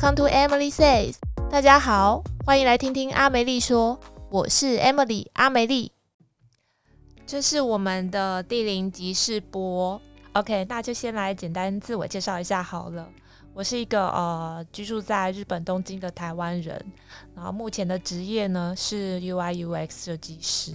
Welcome to Emily Says，大家好，歡迎來聽聽阿梅麗說。我是 Emily 阿梅麗，這是我們的第零集試播。OK，那就先來簡單自我介紹一下好了。我是一個呃居住在日本東京的台灣人，然後目前的職業呢是 UI UX 設計師。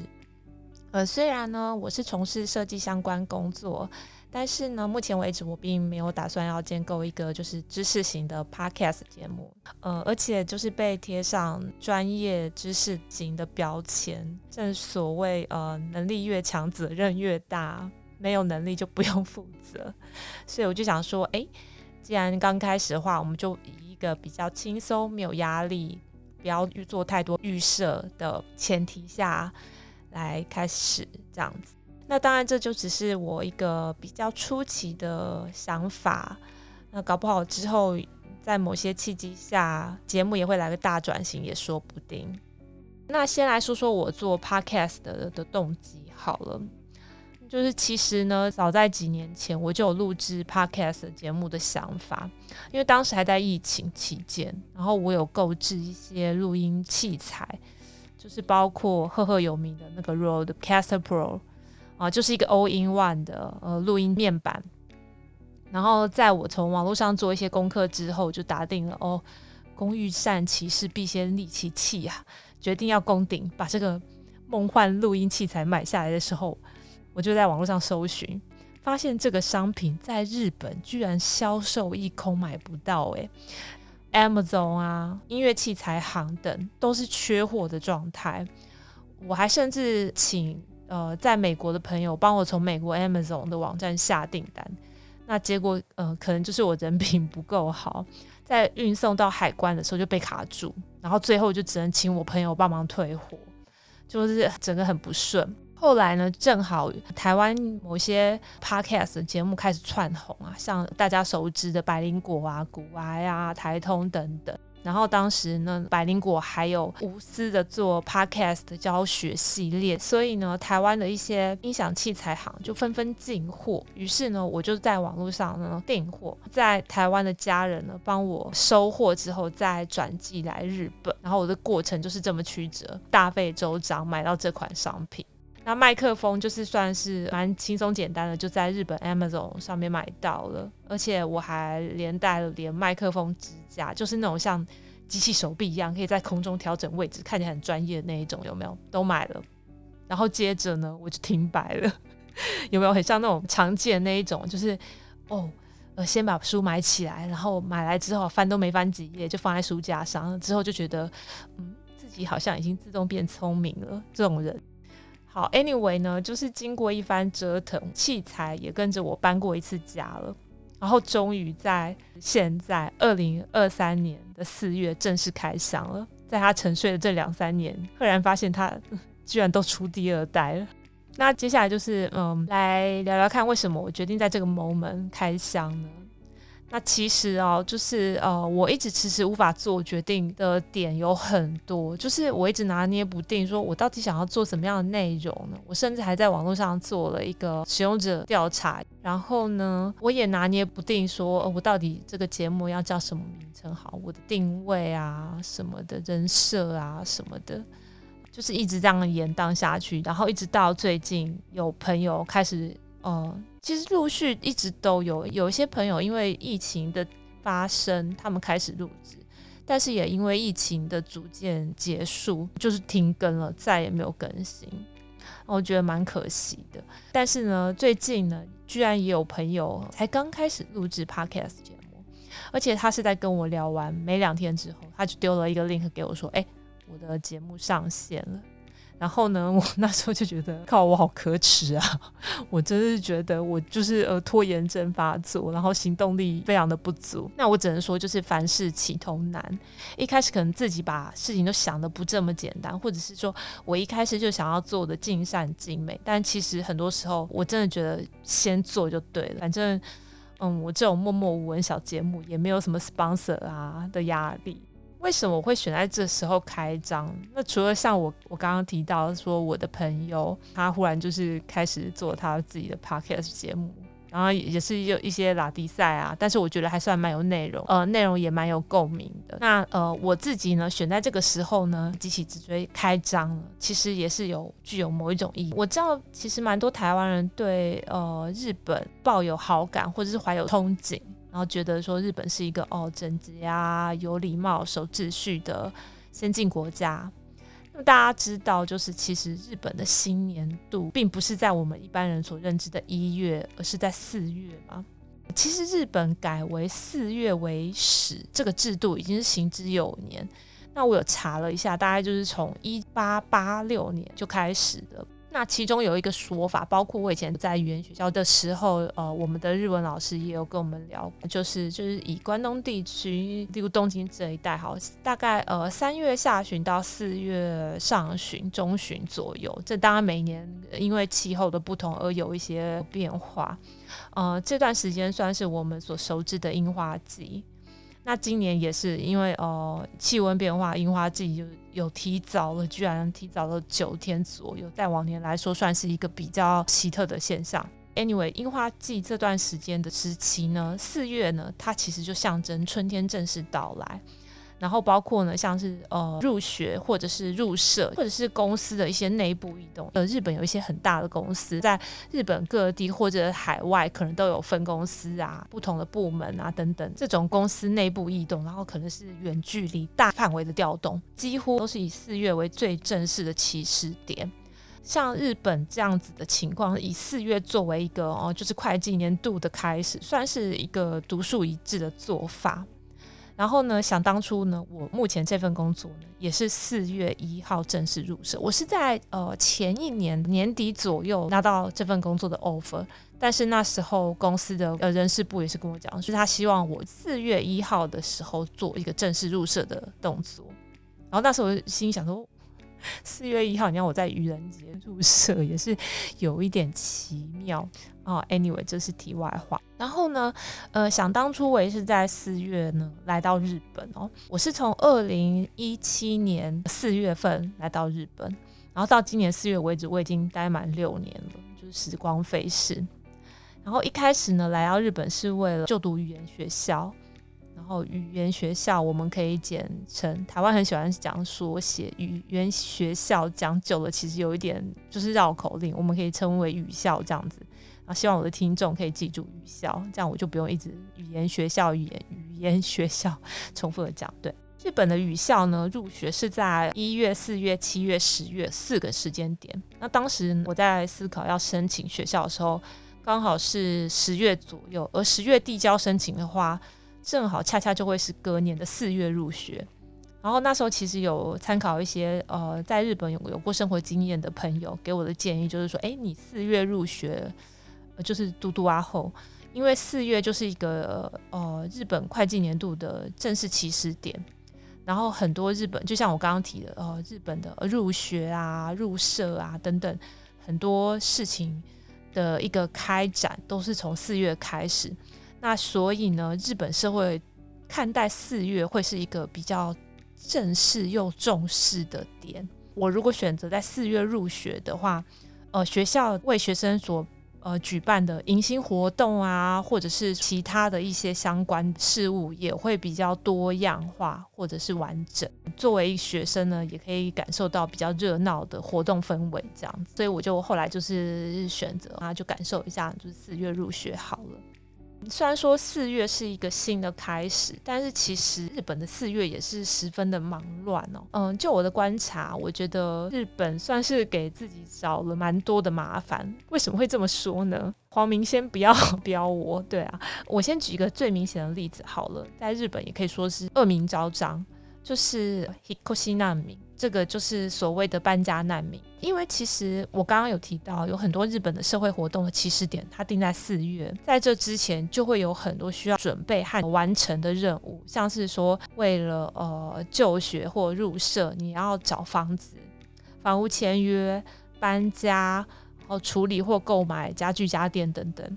呃，雖然呢我是從事設計相關工作。但是呢，目前為止我並沒有打算要建構一個就是知識型的 podcast 節目，呃，而且就是被貼上專業知識型的標籤。正所謂，呃，能力越強，責任越大，沒有能力就不用負責。所以我就想說，哎，既然剛開始的話，我們就以一個比較輕鬆、沒有壓力、不要做太多預設的前提下來開始，這樣子。那當然，這就只是我一個比較初期的想法。那搞不好之後，在某些契機下，節目也會來個大轉型，也說不定。那先來說說我做 podcast 的，的動機好了。就是其實呢，早在幾年前我就有錄製 podcast 的節目的想法，因為當時還在疫情期間，然後我有購置一些錄音器材，就是包括赫赫有名的那個 Rodecaster Pro。啊，就是一個 all in one 的呃錄音面板，然後在我從網絡上做一些功課之後，就打定了哦，工欲善其事，必先利其器啊，決定要攻頂，把這個夢幻錄音器材買下來的時候，我就在網絡上搜尋，發現這個商品在日本居然銷售一空，買不到誒、欸、Amazon 啊，音樂器材行等都是缺貨的狀態，我還甚至請。呃，在美國的朋友幫我從美國 Amazon 的網站下訂單，那結果呃，可能就是我人品不夠好，在運送到海關的時候就被卡住，然後最後就只能請我朋友幫忙退貨，就是整個很不順。後來呢，正好台灣某些 podcast 的節目開始竄紅啊，像大家熟知的百靈果啊、股癌啊、台通等等。然後當時呢，百靈果還有無私的做 podcast 的教學系列，所以呢，台灣的一些音響器材行，就紛紛進貨。於是呢，我就在網絡上呢訂貨，在台灣的家人呢幫我收貨之後再轉寄來日本。然後我的過程就是這麼曲折，大費周章買到這款商品。那麥克風就是算是蠻輕鬆簡單的，就在日本 Amazon 上面買到了，而且我還連帶了連麥克風支架，就是那種像機器手臂一樣可以在空中調整位置，看起來很專業的那一種，有沒有？都買了。然後接着呢，我就停擺了。 有沒有很像那種常見的那一種，就是哦，呃，先把書買起來，然後買來之後翻都沒翻幾頁，就放在書架上了，之後就覺得嗯，自己好像已經自動變聰明了。這種人。好，anyway 呢，就是經過一番折騰，器材也跟着我搬過一次家了，然後終於在現在二零二三年的四月正式開箱了。在他沉睡的這兩三年，赫然發現他居然都出第二代了。那接下來就是嗯，來聊聊看為什麼我決定在這個 moment 開箱呢？那其實哦，就是呃，我一直遲遲無法做決定的點有很多，就是我一直拿捏不定，說我到底想要做什麼樣的內容呢？我甚至還在網絡上做了一個使用者調查，然後呢，我也拿捏不定說，說、呃、我到底這個節目要叫什麼名稱好，我的定位啊，什麼的人設啊，什麼的，就是一直這樣延宕下去，然後一直到最近有朋友開始。哦、嗯，其實陸續一直都有有一些朋友，因為疫情的發生，他們開始錄製，但是也因為疫情的逐漸結束，就是停更了，再也沒有更新。我覺得蠻可惜的。但是呢，最近呢，居然也有朋友才剛開始錄製 Podcast 節目，而且他是在跟我聊完沒兩天之後，他就丟了一個 link 給我說：“哎，我的節目上線了。”然後呢，我那時候就覺得靠，我好可恥啊！我真是覺得我就是呃拖延症發作，然後行動力非常的不足。那我只能說，就是凡事起頭難，一開始可能自己把事情都想得不這麼簡單，或者是說我一開始就想要做得盡善盡美。但其實很多時候，我真的覺得先做就對了。反正，嗯，我這種默默無聞小節目也沒有什麼 sponsor 啊的壓力。為什麼我會選在這時候開張？那除了像我，我剛剛提到說我的朋友他忽然就是開始做他自己的 podcast 節目，然後也是有一些拉低賽啊，但是我覺得還算蠻有內容，呃，內容也蠻有共鳴的。那呃，我自己呢，選在這個時候呢，急起直追開張，其實也是有具有某一種意義。我知道其實蠻多台灣人對呃日本抱有好感，或者是懷有憧憬。然後覺得說日本是一個哦整潔啊、有禮貌、守秩序的先進國家。那麼大家知道，就是其實日本的新年度並不是在我們一般人所認知的一月，而是在四月嘛。其實日本改為四月為始這個制度已經是行之有年。那我有查了一下，大概就是從一八八六年就開始的。那其中有一個說法，包括我以前在語言學校的時候，呃，我們的日文老師也有跟我們聊，就是就是以關東地區，例如東京這一帶，好，大概呃三月下旬到四月上旬、中旬左右，這當然每年因為氣候的不同而有一些變化，呃，這段時間算是我們所熟知的櫻花季。那今年也是因為呃氣溫變化，櫻花季就有，有提早了，居然提早了九天左右，在往年來說算是一個比較奇特的現象。Anyway，櫻花季這段時間的時期呢，四月呢，它其實就象徵春天正式到來。然後包括呢，像是呃入學或者是入社，或者是公司的一些內部異動。呃，日本有一些很大的公司在日本各地或者海外可能都有分公司啊、不同的部門啊等等。這種公司內部異動，然後可能是遠距離、大範圍的調動，幾乎都是以四月為最正式的起始點。像日本這樣子的情況，以四月作為一個哦，就是會計年度的開始，算是一個獨樹一幟的做法。然後呢，想當初呢，我目前這份工作呢，也是四月一號正式入社。我是在呃前一年年底左右拿到這份工作的 offer，但是那時候公司的呃人事部也是跟我講說，是他希望我四月一號的時候做一個正式入社的動作。然後那時候我就心想說。四月一號，你看我在愚人節入社，也是有一點奇妙哦。Uh, anyway，這是題外話。然後呢，呃，想當初我也是在四月呢來到日本哦。我是從二零一七年四月份來到日本，然後到今年四月為止，我已經待滿六年了，就是時光飛逝。然後一開始呢，來到日本是為了就讀語言學校。然後語言學校我們可以簡稱，台灣很喜歡講縮寫，語言學校講久了其實有一點就是繞口令，我們可以稱為語校這樣子。啊，希望我的聽眾可以記住語校，這樣我就不用一直語言學校、語言語言學校重複的講。對，日本的語校呢，入學是在一月、四月、七月、十月四個時間點。那當時我在思考要申請學校的時候，剛好是十月左右，而十月遞交申請的話，正好恰恰就會是隔年的四月入學，然後那時候其實有參考一些呃在日本有有過生活經驗的朋友給我的建議，就是說，哎、欸，你四月入學，呃，就是嘟嘟啊後，因為四月就是一個呃日本會計年度的正式起始點，然後很多日本就像我剛剛提的呃日本的入學啊入社啊等等很多事情的一個開展都是從四月開始。那所以呢，日本社會看待四月會是一個比較正式又重視的點。我如果選擇在四月入學的話，呃，學校為學生所呃舉辦的迎新活動啊，或者是其他的一些相關事物也會比較多樣化或者是完整。作為學生呢，也可以感受到比較熱鬧的活動氛圍這樣子。所以我就後來就是選擇啊，就感受一下，就是四月入學好了。雖然說四月是一個新的開始，但是其實日本的四月也是十分的忙亂哦。嗯，就我的觀察，我覺得日本算是給自己找了蠻多的麻煩。為什麼會這麼說呢？黃明，先不要標我，對啊，我先舉一個最明顯的例子好了，在日本也可以說是惡名昭彰，就是ヒコシ難民。這個就是所謂的搬家難民，因為其實我剛剛有提到，有很多日本的社會活動的起始點，它定在四月，在這之前就會有很多需要準備和完成的任務，像是說為了呃就學或入社，你要找房子、房屋簽約、搬家，然後處理或購買家具家電等等。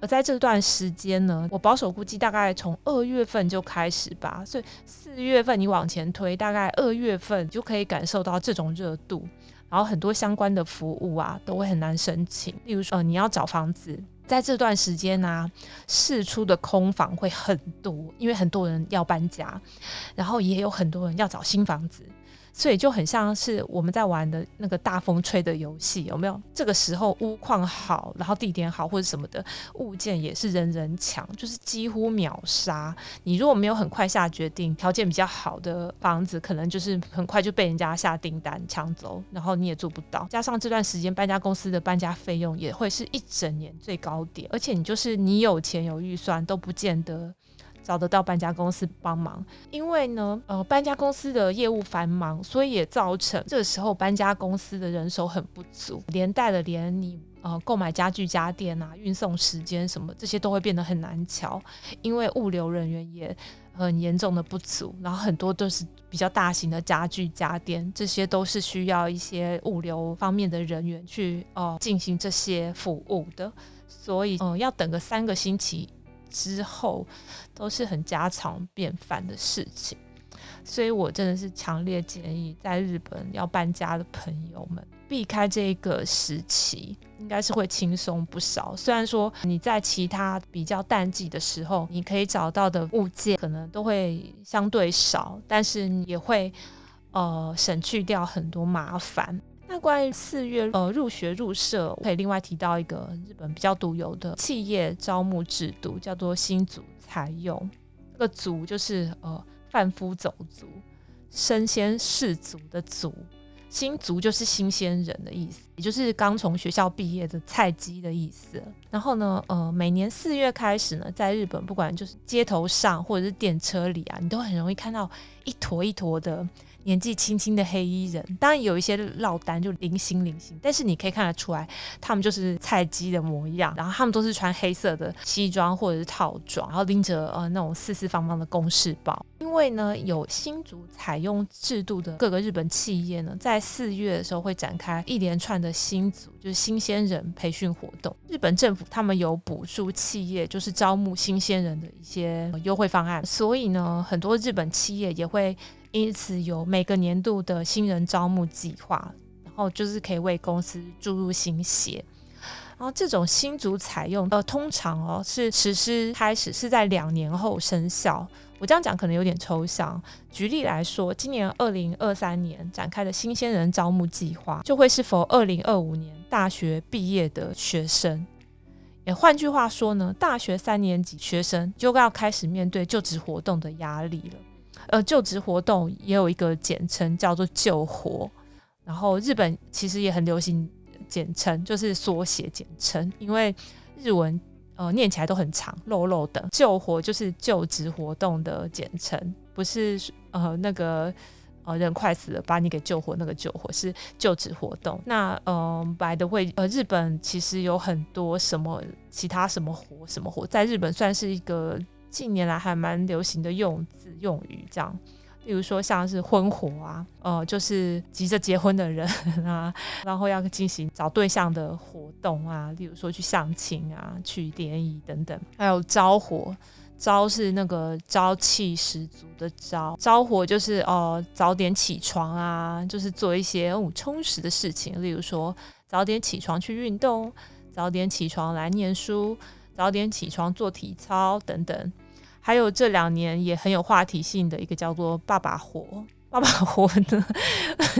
而在這段時間呢，我保守估計大概從二月份就開始吧，所以四月份你往前推，大概二月份就可以感受到這種熱度，然後很多相關的服務啊都會很難申請，例如說，呃，你要找房子，在這段時間呢、啊，釋出的空房會很多，因為很多人要搬家，然後也有很多人要找新房子。所以就很像是我們在玩的那個大風吹的遊戲，有沒有？這個時候屋況好，然後地點好或者什麼的物件也是人人搶，就是幾乎秒殺。你如果沒有很快下決定，條件比較好的房子，可能就是很快就被人家下訂單搶走，然後你也做不到。加上這段時間搬家公司的搬家費用也會是一整年最高點，而且你就是你有錢有預算都不見得，找得到搬家公司幫忙，因為呢，呃，搬家公司的業務繁忙，所以也造成這時候搬家公司的人手很不足，連帶的連你呃購買家具家電啊，運送時間什麼這些都會變得很難搶，因為物流人員也很、呃、嚴重的不足，然後很多都是比較大型的家具家電，這些都是需要一些物流方面的人員去哦、呃、進行這些服務的，所以哦、呃、要等個三個星期。之後都是很家常便飯的事情，所以我真的是強烈建議在日本要搬家的朋友們避開這個時期，應該是會輕鬆不少。雖然說你在其他比較淡季的時候，你可以找到的物件可能都會相對少，但是你也會呃省去掉很多麻煩。那關於四月，呃，入學入社，我可以另外提到一個日本比較獨有的企業招募制度，叫做新卒採用。這個“卒”就是呃，販夫走卒、身先士卒的“卒”，新卒就是新鮮人的意思，也就是剛從學校畢業的菜雞的意思。然後呢，呃，每年四月開始呢，在日本，不管就是街頭上或者是電車裡啊，你都很容易看到一坨一坨的年紀輕輕的黑衣人，當然有一些落單就零星零星，但是你可以看得出來，他們就是菜雞的模樣。然後他們都是穿黑色的西裝或者是套裝，然後拎着呃那種四四方方的公事包。因為呢，有新卒採用制度的各個日本企業呢，在四月的時候會展開一連串的新卒，就是新鮮人培訓活動。日本政府他們有補助企業，就是招募新鮮人的一些優惠方案，所以呢，很多日本企業也會。因此有每個年度的新人招募計劃，然後就是可以為公司注入新血。然後這種新卒採用呃，通常哦是實施開始是在兩年後生效。我這樣講可能有點抽象。舉例來說，今年二零二三年展開的新鮮人招募計劃，就會是否二零二五年大學畢業的學生？也換句話說呢，大學三年級學生就要開始面對就職活動的壓力了。呃，就職活動也有一個簡稱叫做“救活”，然後日本其實也很流行簡稱，就是縮寫簡稱，因為日文呃念起來都很長，落落長。救活就是就職活動的簡稱，不是呃那個呃人快死了把你給救活那個救活是就職活動。那嗯、呃，白的會呃，日本其實有很多什麼其他什麼活什麼活，在日本算是一個。近年來還蠻流行的用字用語，這樣，例如說像是婚活啊，哦、呃，就是急着結婚的人啊，然後要進行找對象的活動啊，例如說去相親啊、去聯誼等等，還有朝活，朝是那個朝氣十足的朝，朝活就是哦、呃，早點起床啊，就是做一些哦、嗯、充實的事情，例如說早點起床去運動，早點起床來念書，早點起床做體操等等。還有這兩年也很有話題性的一個叫做“爸爸活”，爸爸活呢，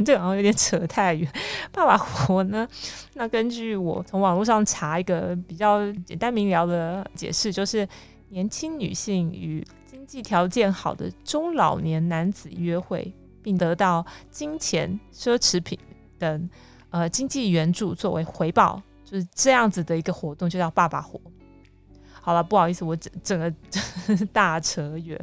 這 好像有點扯太遠。爸爸活呢，那根據我從網絡上查一個比較簡單明了的解釋，就是年輕女性與經濟條件好的中老年男子約會，並得到金錢、奢侈品等呃經濟援助作為回報，就是這樣子的一個活動，就叫“爸爸活”。好了，不好意思，我整整個大扯遠，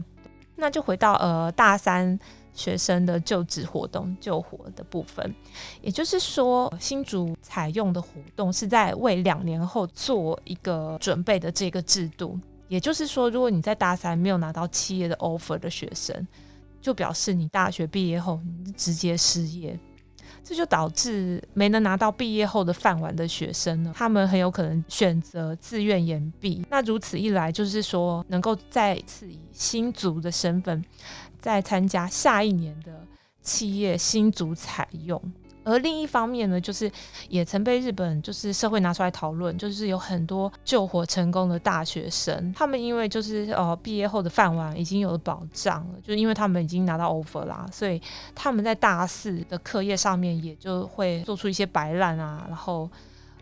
那就回到呃大三學生的就職活動就活的部分，也就是說新卒採用的活動是在為兩年後做一個準備的這個制度，也就是說，如果你在大三沒有拿到企業的 offer 的學生，就表示你大學畢業後你直接失業。這就導致沒能拿到畢業後的飯碗的學生呢，他們很有可能選擇自願延畢。那如此一來，就是說能夠再次以新卒的身份再參加下一年的企業新卒採用。而另一方面呢，就是也曾被日本就是社會拿出來討論，就是有很多就活成功的大學生，他們因為就是呃、哦、畢業後的飯碗已經有了保障了，就因為他們已經拿到 offer 啦，所以他們在大四的課業上面也就會做出一些擺爛啊，然後。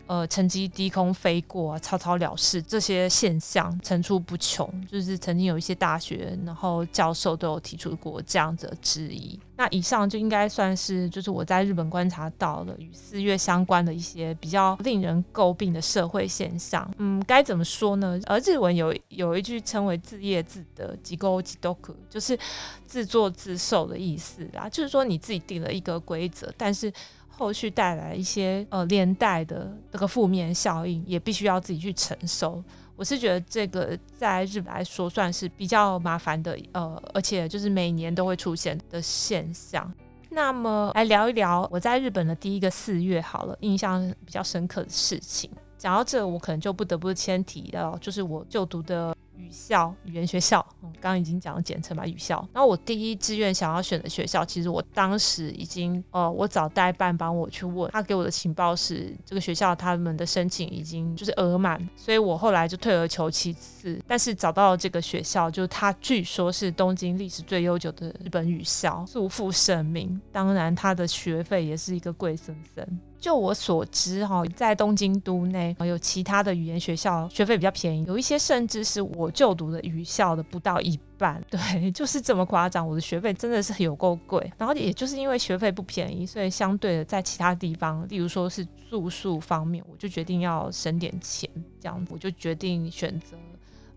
呃，成績低空飛過啊，草草了事，這些現象層出不窮。就是曾經有一些大學，然後教授都有提出過這樣子的質疑。那以上就應該算是就是我在日本觀察到的與四月相關的一些比較令人詬病的社會現象。嗯，該怎麼說呢？而、呃、日文有有一句稱為“自業自得”，じごうじとく，就是自作自受的意思啊。就是說你自己定了一個規則，但是。後續帶來一些呃連帶的這個負面效應，也必須要自己去承受。我是覺得這個在日本來說算是比較麻煩的，呃，而且就是每年都會出現的現象。那麼來聊一聊我在日本的第一個四月好了，印象比較深刻的事情。講到這，我可能就不得不先提到，就是我就讀的。語校語言學校，剛、嗯、剛已經講了簡稱嘛，語校。然後我第一志願想要選的學校，其實我當時已經，呃，我找代辦幫我去問他給我的情報是，這個學校他們的申請已經就是額滿，所以我後來就退而求其次。但是找到了這個學校，就是他據說是東京歷史最悠久的日本語校，素負盛名。當然，他的學費也是一個貴森森。就我所知，哈，在東京都內有其他的語言學校，學費比較便宜，有一些甚至是我就讀的語校的不到一半。對，就是這麼誇張，我的學費真的是有夠貴。然後也就是因為學費不便宜，所以相對的在其他地方，例如說是住宿方面，我就決定要省點錢，這樣子我就決定選擇。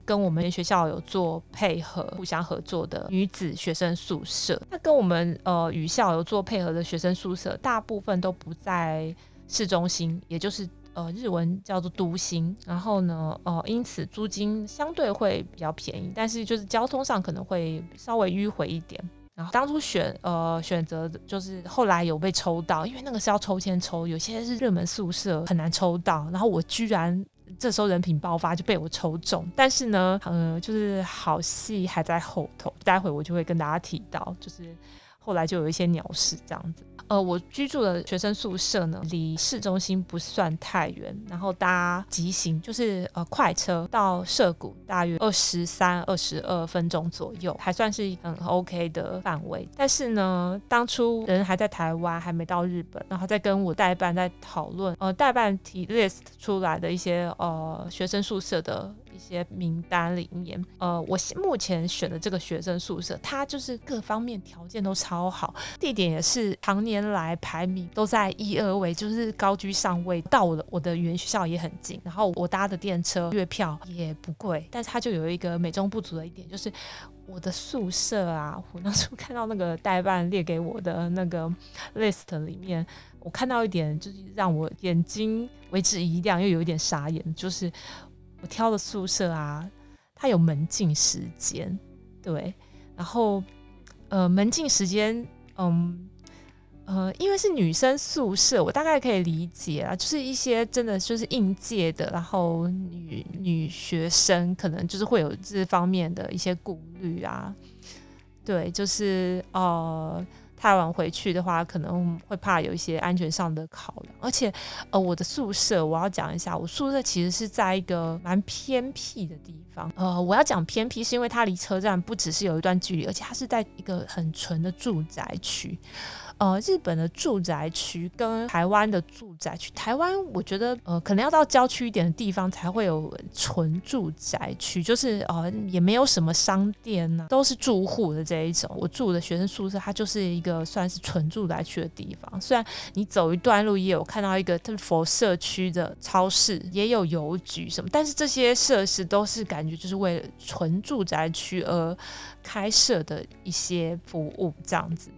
跟我們學校有做配合，互相合作的女子學生宿舍。那跟我們呃女校有做配合的學生宿舍，大部分都不在市中心，也就是呃日文叫做都心。然後呢，呃因此租金相對會比較便宜，但是就是交通上可能會稍微迂回一點。然後當初選呃選擇的就是後來有被抽到，因為那個是要抽籤抽，有些是熱門宿舍很難抽到。然後我居然。這時候人品爆發就被我抽中，但是呢，呃，就是好戲還在後頭，待會我就會跟大家提到，就是。後來就有一些鳥事這樣子，呃，我居住的學生宿舍呢，離市中心不算太遠，然後搭急行就是呃快車到澀谷大約二十三二十二分鐘左右，還算是很 OK 的範圍。但是呢，當初人還在台灣，還沒到日本，然後在跟我代辦在討論，呃，代辦提 list 出來的一些呃學生宿舍的。一些名單裡面，呃，我目前選的這個學生宿舍，它就是各方面條件都超好，地點也是常年來排名都在一二位，就是高居上位。到了我的原學校也很近，然後我搭的電車月票也不貴。但是它就有一個美中不足的一點，就是我的宿舍啊，我當初看到那個代辦列給我的那個 list 裡面，我看到一點就是讓我眼睛為之一亮，又有一點傻眼，就是。挑的宿舍啊，它有門禁時間，對，然後呃，門禁時間，嗯，呃，因為是女生宿舍，我大概可以理解啊，就是一些真的就是應屆的，然後女女學生可能就是會有這方面的一些顧慮啊，對，就是呃。太晚回去的話，可能會怕有一些安全上的考量。而且，呃，我的宿舍，我要講一下，我宿舍其實是在一個蠻偏僻的地方。呃，我要講偏僻是因為它離車站不只是有一段距離，而且它是在一個很純的住宅區。呃，日本的住宅區跟台灣的住宅區，台灣我覺得呃，可能要到郊區一點的地方才會有純住宅區，就是呃也沒有什麼商店吶、啊，都是住戶的這一種。我住的學生宿舍，它就是一個算是純住宅區的地方。雖然你走一段路也有看到一個特佛社區的超市，也有郵局什麼，但是這些設施都是感覺就是為了純住宅區而開設的一些服務這樣子。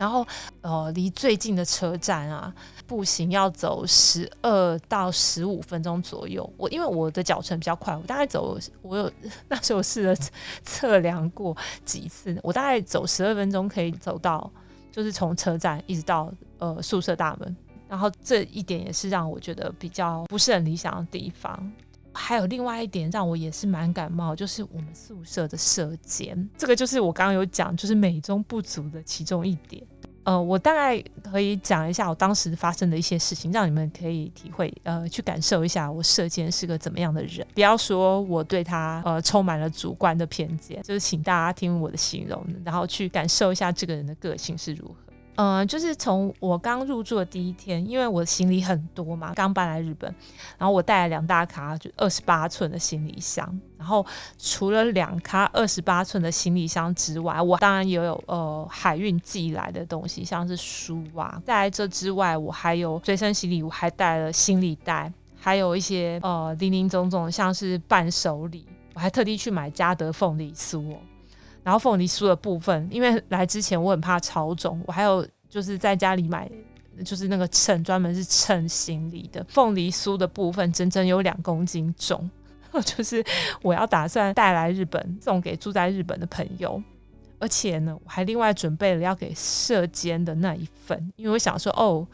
然後，呃，離最近的車站啊，步行要走十二到十五分鐘左右。我因為我的腳程比較快，我大概走，我有那時候試了測量過幾次，我大概走十二分鐘可以走到，就是從車站一直到呃宿舍大門。然後這一點也是讓我覺得比較不是很理想的地方。還有另外一點讓我也是蠻感冒，就是我們宿舍的舍間，這個就是我剛剛有講，就是美中不足的其中一點。呃，我大概可以講一下我當時發生的一些事情，讓你們可以體會，呃，去感受一下我射箭是個怎麼樣的人。不要說我對他，呃，充滿了主觀的偏見，就是請大家聽我的形容，然後去感受一下這個人的個性是如何。嗯、呃，就是從我剛入住的第一天，因為我行李很多嘛，剛搬來日本，然後我帶了兩大咖，就二十八寸的行李箱。然後除了兩咖二十八寸的行李箱之外，我當然也有呃海運寄來的東西，像是書啊。在這之外，我還有隨身行李，我還帶了行李袋，還有一些呃林林總總，像是伴手禮。我還特地去買佳德鳳梨酥哦。然後鳳梨酥的部分，因為來之前我很怕超重，我還有就是在家裡買，就是那個秤，專門是稱行李的。鳳梨酥的部分整整有兩公斤重， 就是我要打算帶來日本送給住在日本的朋友。而且呢，我還另外準備了要給舍監的那一份，因為我想說哦，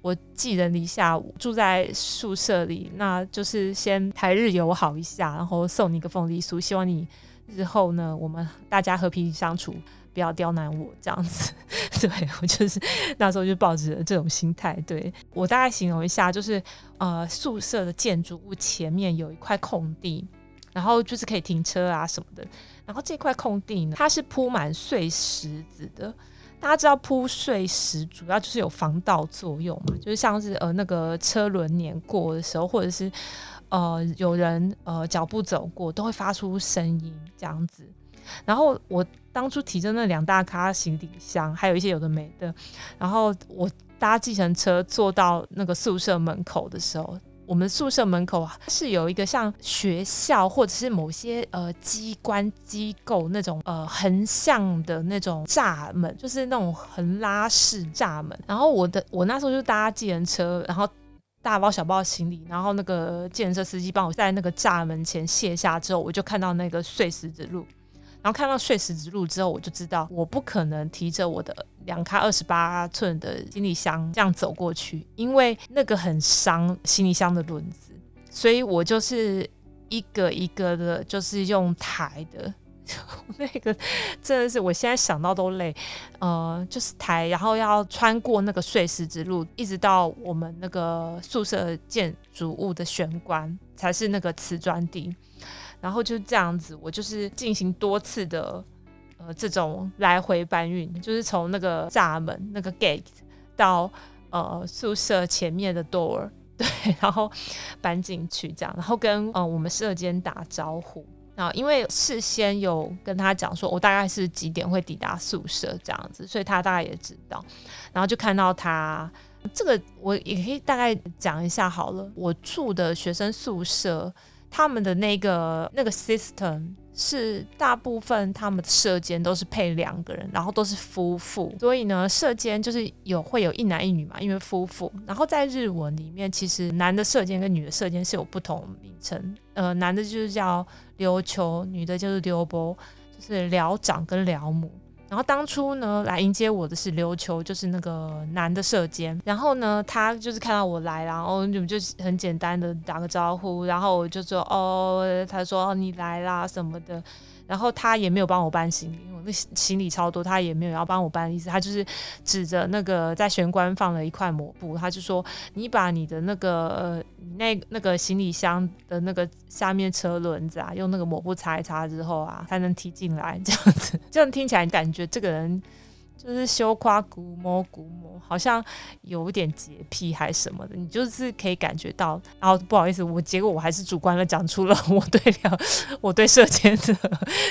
我寄人籬下，住在宿舍裡，那就是先台日友好一下，然後送你一個鳳梨酥，希望你。之後呢，我們大家和平相處，不要刁難我這樣子。對我就是那時候就抱着這種心態。對我大概形容一下，就是呃宿舍的建築物前面有一塊空地，然後就是可以停車啊什麼的。然後這塊空地呢，它是鋪滿碎石子的。大家知道鋪碎石主要就是有防盜作用嘛，就是像是呃那個車輪碾過的時候，或者是。呃，有人呃腳步走過都會發出聲音這樣子，然後我當初提着那兩大咖行李箱，還有一些有的沒的，然後我搭計程車坐到那個宿舍門口的時候，我們宿舍門口啊是有一個像學校或者是某些呃機關機構那種呃橫向的那種柵門，就是那種橫拉式柵門，然後我的我那時候就搭計程車，然後。大包小包的行李，然後那個計程車司機幫我，在那個柵門前卸下之後，我就看到那個碎石子路，然後看到碎石子路之後，我就知道我不可能提着我的兩卡二十八寸的行李箱這樣走過去，因為那個很傷行李箱的輪子，所以我就是一個一個的，就是用抬的。 那個真的是我現在想到都累，呃，就是抬，然後要穿過那個碎石之路，一直到我們那個宿舍建築物的玄關，才是那個瓷磚地，然後就這樣子，我就是進行多次的呃這種來回搬運，就是從那個閘門那個 gate 到呃宿舍前面的 door，對，然後搬進去這樣，然後跟呃我們舍監打招呼。因為事先有跟他講說，我大概是幾點會抵達宿舍這樣子，所以他大概也知道。然後就看到他這個，我也可以大概講一下好了。我住的學生宿舍，他們的那個那個 system。是大部分他們的舍監都是配兩個人，然後都是夫婦，所以呢，舍監就是有會有一男一女嘛，因為夫婦。然後在日文裡面，其實男的舍監跟女的舍監是有不同名稱，呃，男的就是叫琉球，女的就是琉波，就是寮長跟寮母。然後當初呢，來迎接我的是琉球，就是那個男的舍監。然後呢，他就是看到我來，然後你們就很簡單的打個招呼。然後我就說：“哦。”他說：“你來啦什麼的。”然後他也沒有幫我搬行李，因為那行李超多，他也沒有要幫我搬的意思。他就是指着那個在玄關放了一塊抹布，他就說：“你把你的那個呃那那個行李箱的那個下面車輪子啊，用那個抹布擦一擦之後啊，才能提進來。”這樣子，這樣聽起來感覺這個人。就是羞誇古摸、古摸，好像有點潔癖還是什麼的，你就是可以感覺到。然、啊、後不好意思，我結果我還是主觀的講出了我對了我對射箭的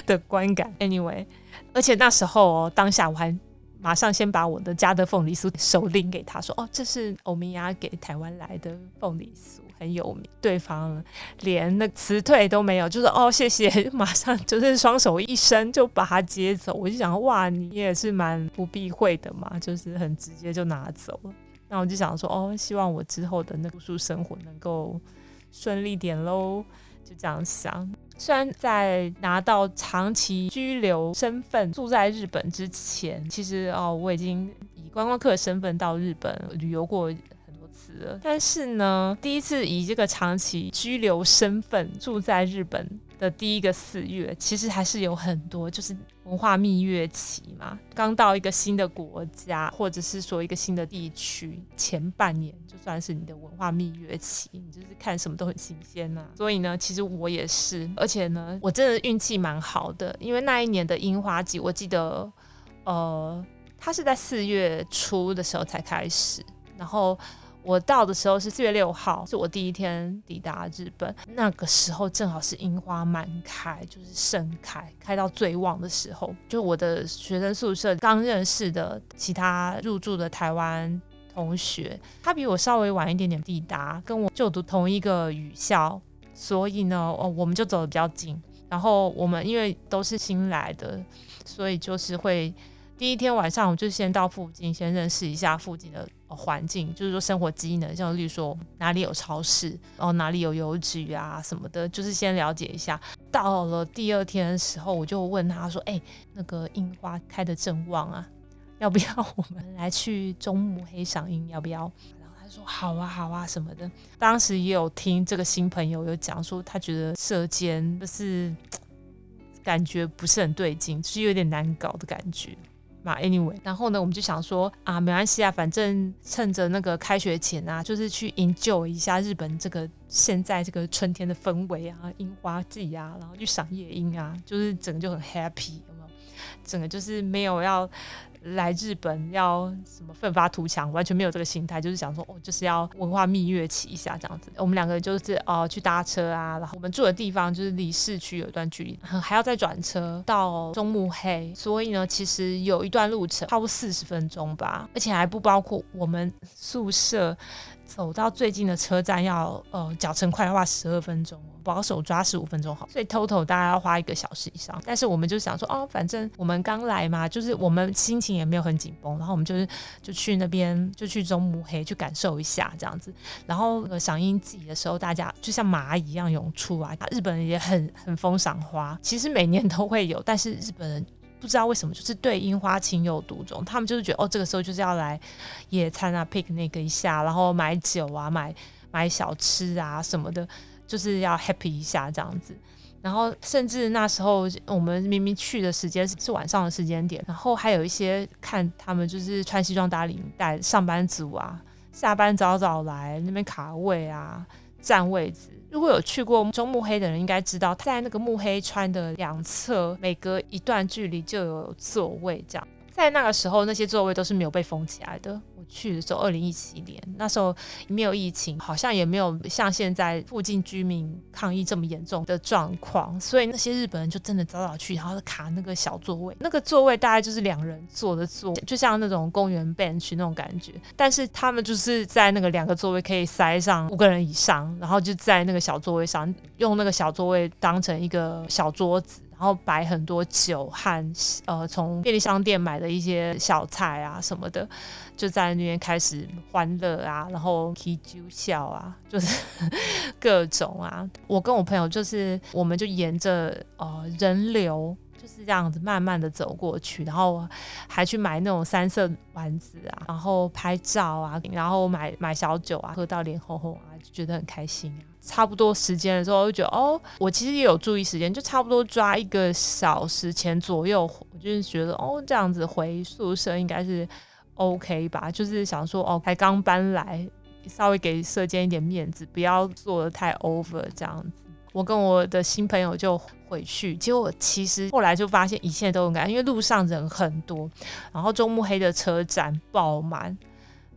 的觀感。Anyway，而且那時候、哦、當下我還馬上先把我的家的鳳梨酥，手拎給他說，說哦，這是歐米亞給台灣來的鳳梨酥。很有名，對方連那辭退都沒有，就是哦謝謝，馬上就是雙手一伸就把他接走。我就想說哇，你也是蠻不避諱的嘛，就是很直接就拿走了。那我就想說哦，希望我之後的那住宿生活能夠順利點嘍。就這樣想。雖然在拿到長期居留身份住在日本之前，其實哦我已經以觀光客的身份到日本旅遊過。但是呢，第一次以這個長期居留身份住在日本的第一個四月，其實還是有很多，就是文化蜜月期嘛。剛到一個新的國家，或者是說一個新的地區，前半年就算是你的文化蜜月期，你就是看什麼都很新鮮吶、啊。所以呢，其實我也是，而且呢，我真的運氣蠻好的，因為那一年的櫻花季，我記得，呃，它是在四月初的時候才開始，然後。我到的時候是四月六號，是我第一天抵達日本。那個時候正好是櫻花滿開，就是盛開，開到最旺的時候。就我的學生宿舍，剛認識的其他入住的台灣同學，他比我稍微晚一點點抵達，跟我就讀同一個語校，所以呢，哦，我們就走得比較近。然後我們因為都是新來的，所以就是會第一天晚上，我就先到附近，先認識一下附近的。環境就是說生活機能，像例如說哪裡有超市，然後，哪裡有郵局啊什麼的，就是先了解一下。到了第二天的時候，我就問他說：“哎、欸，那個櫻花開得正旺啊，要不要我們來去中目黑賞櫻？要不要？”然後他說：“好啊，好啊，什麼的。”當時也有聽這個新朋友有講說，他覺得射間不、就是感覺不是很對勁，就是有點難搞的感覺。嘛，Anyway，然後呢，我們就想說啊，沒關係啊，反正趁着那個開學前啊，就是去 enjoy 一下日本這個現在這個春天的氛圍啊，櫻花季啊，然後去賞夜櫻啊，就是整個就很 happy，有沒有？整個就是沒有要。來日本要什麼奮發圖強？完全沒有這個心態，就是想說，哦，就是要文化蜜月期一下這樣子。我們兩個就是哦，去搭車啊，然後我們住的地方就是離市區有一段距離，還要再轉車到中目黑，所以呢，其實有一段路程，差不多四十分鐘吧，而且還不包括我們宿舍。走到最近的車站要呃，腳程快的話十二分鐘，保守抓十五分鐘好，所以 total 大概要花一個小時以上。但是我們就想說，哦，反正我們剛來嘛，就是我們心情也沒有很緊繃，然後我們就是就去那邊就去中目黑去感受一下這樣子。然後賞、呃、櫻季的時候，大家就像螞蟻一樣湧出來啊！日本人也很很瘋賞花，其實每年都會有，但是日本人。不知道為什麼，就是對櫻花情有獨鍾。他們就是覺得，哦，這個時候就是要來野餐啊，picnic 一下，然後買酒啊，買買小吃啊什麼的，就是要 happy 一下這樣子。然後甚至那時候，我們明明去的時間是，是晚上的時間點，然後還有一些看他們就是穿西裝打領帶上班族，啊，下班早早來那邊卡位啊。佔位置。如果有去過中目黑的人，應該知道，在那個目黑川的兩側，每隔一段距離就有座位這樣。在那個時候，那些座位都是沒有被封起來的。我去的時候，二零一七年，那時候沒有疫情，好像也沒有像現在附近居民抗議這麼嚴重的狀況，所以那些日本人就真的早早去，然後就卡那個小座位。那個座位大概就是兩人坐的座，就像那種公園 bench 那種感覺。但是他們就是在那個兩個座位可以塞上五個人以上，然後就在那個小座位上，用那個小座位當成一個小桌子。然後擺很多酒和呃，從便利商店買的一些小菜啊什麼的，就在那邊開始歡樂啊，然後啤酒笑啊，就是各種啊。我跟我朋友就是，我們就沿着呃人流就是這樣子慢慢的走過去，然後還去買那種三色丸子啊，然後拍照啊，然後買買小酒啊，喝到臉紅紅啊。就覺得很開心啊，差不多時間的時候，我就覺得哦，我其實也有注意時間，就差不多抓一個小時前左右。我就是覺得哦，這樣子回宿舍應該是 OK 吧，就是想說哦，才剛搬來，稍微給舍監一點面子，不要做得太 over 這樣子。我跟我的新朋友就回去，結果其實後來就發現一切都應該，因為路上人很多，然後中目黑的車站爆滿。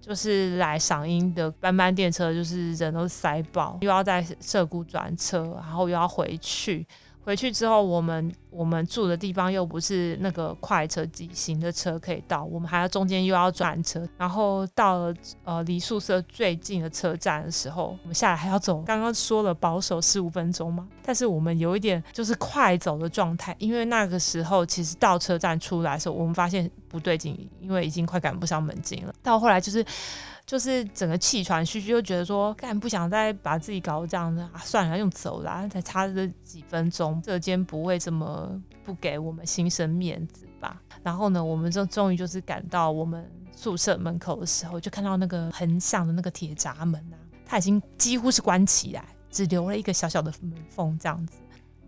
就是來賞櫻的班班電車，就是人都塞爆，又要在澀谷轉車，然後又要回去。回去之後，我們我們住的地方又不是那個快車急行的車可以到，我們還要中間又要轉車，然後到了呃離宿舍最近的車站的時候，我們下來還要走。剛剛說了保守十五分鐘嘛，但是我們有一點就是快走的狀態，因為那個時候其實到車站出來的時候，我們發現不對勁，因為已經快趕不上門禁了。到後來就是。就是整個氣喘吁吁，就覺得說，幹，不想再把自己搞這樣子啊，算了，用走啦。才差這幾分鐘，社監不會這麼不給我們新生面子吧？然後呢，我們就終於就是趕到我們宿舍門口的時候，就看到那個橫向的那個鐵閘門啊，它已經幾乎是關起來，只留了一個小小的門縫這樣子。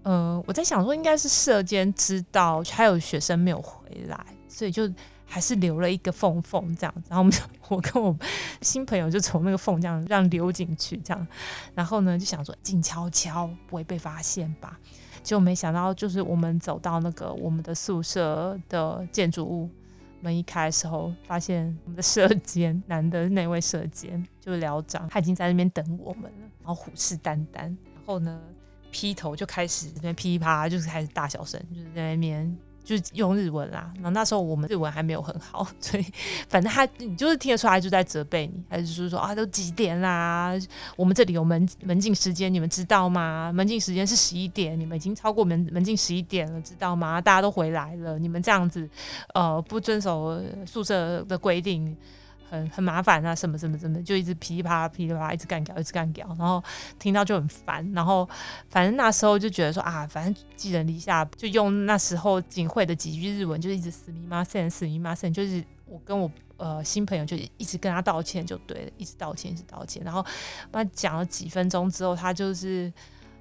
呃，我在想說，應該是社監知道還有學生沒有回來，所以就。還是留了一個縫縫這樣子，然後我們就我跟我新朋友就從那個縫這樣讓溜進去這樣，然後呢就想說靜悄悄不會被發現吧，就沒想到就是我們走到那個我們的宿舍的建築物門一開的時候，發現我們的舍監男的那位舍監就寮長，他已經在那邊等我們了，然後虎視眈眈，然後呢劈頭就開始那邊噼啪就是開始大小聲，就是在那邊。就是用日文啦，那那時候我們日文還沒有很好，所以反正他你就是聽得出來，就在責備你，還是就是說說啊，都幾點啦？我們這裡有門門禁時間，你們知道嗎？門禁時間是十一點，你們已經超過門門禁十一點了，知道嗎？大家都回來了，你們這樣子，呃，不遵守宿舍的規定。很,很麻煩啊，什麼什麼什麼，就一直噼裡啪啦噼裡啪啦，一直幹掉，一直幹掉，然後聽到就很煩，然後反正那時候就覺得說啊，反正寄人籬下，就用那時候僅會的幾句日文，就一直すみません、すみません，就是我跟我呃新朋友就一直跟他道歉，就對了，一直道歉，一直道歉，然後他講了幾分鐘之後，他就是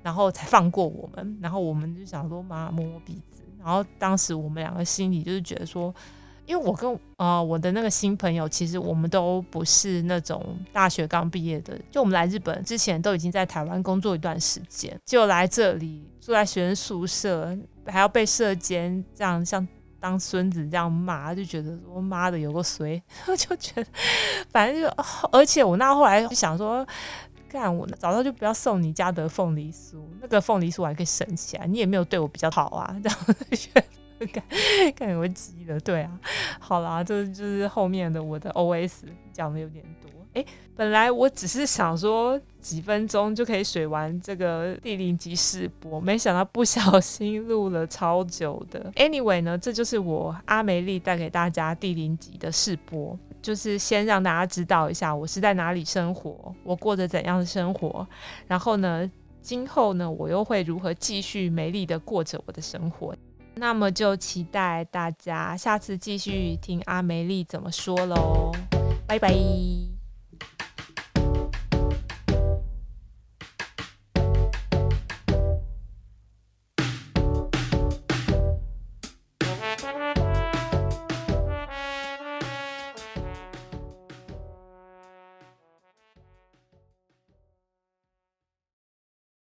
然後才放過我們，然後我們就想說嘛，摸摸鼻子，然後當時我們兩個心裡就是覺得說。因為我跟、呃我的那個新朋友，其實我們都不是那種大學剛畢業的，就我們來日本之前都已經在台灣工作一段時間，就來這裡住在學生宿舍，還要被舍監這樣像當孫子這樣罵，就覺得我媽的有個誰，我就覺得反正就，而且我那後來就想說，幹，我早知道就不要送你家的鳳梨酥，那個鳳梨酥我還可以省起來，你也沒有對我比較好啊，這樣。感覺我急了，對啊，好啦，這就是後面的我的 OS 講的有點多誒。本來我只是想說幾分鐘就可以水完這個第零集試播，沒想到不小心錄了超久的。Anyway 呢，這就是我阿美麗帶給大家第零集的試播，就是先讓大家知道一下我是在哪裡生活，我過着怎樣的生活，然後呢，今後呢我又會如何繼續美麗的過着我的生活。那麼就期待大家下次繼續聽阿美麗怎麼說嘍，拜拜。